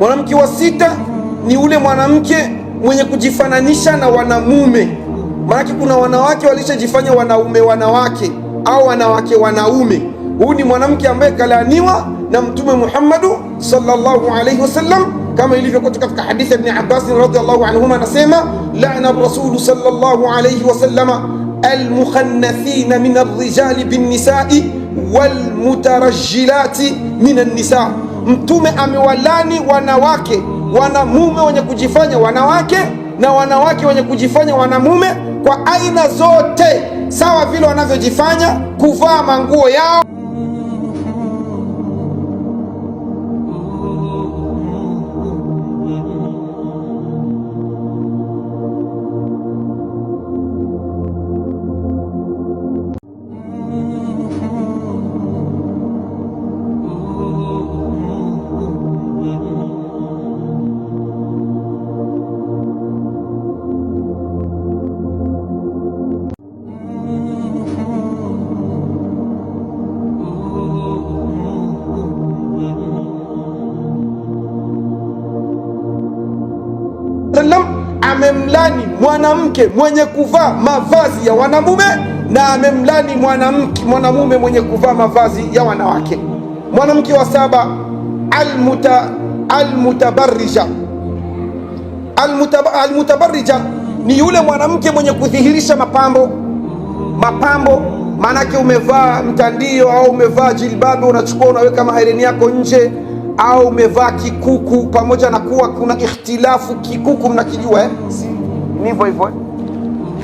Mwanamke wa sita ni ule mwanamke mwenye kujifananisha na wanamume, maanake kuna wanawake walishajifanya wanaume wanawake au wanawake wanaume. huu ni mwanamke ambaye kalaaniwa na Mtume Muhammadu sallallahu alaihi wasallam kama ilivyokuja katika hadithi ya Ibn Abbas radhiallahu anhuma, anasema lana rasulu sallallahu alayhi wasallama almukhannathina min arrijali binnisai walmutarajjilati min annisa Mtume amewalani wanawake wanamume wenye kujifanya wanawake na wanawake wenye kujifanya wanamume kwa aina zote, sawa vile wanavyojifanya kuvaa manguo yao. amemlani mwanamke mwenye kuvaa mavazi ya wanamume na amemlani mwanamke mwanamume mwenye kuvaa mavazi ya wanawake. Mwanamke wa saba almuta, almutabarrija. almutabarrija ni yule mwanamke mwenye kudhihirisha mapambo mapambo, maanake umevaa mtandio au umevaa jilbabu, unachukua unaweka mahereni yako nje au umevaa kikuku, pamoja na kuwa kuna ikhtilafu. Kikuku mnakijua eh? Ni hivyo hivyo eh?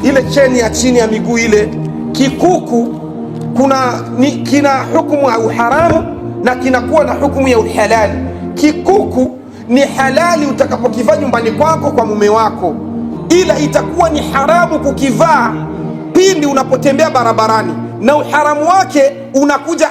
Ile cheni ya chini ya miguu ile kikuku kuna ni, kina hukumu ya uharamu na kinakuwa na hukumu ya uhalali. Kikuku ni halali utakapokivaa nyumbani kwako kwa mume wako, ila itakuwa ni haramu kukivaa pindi unapotembea barabarani, na uharamu wake unakuja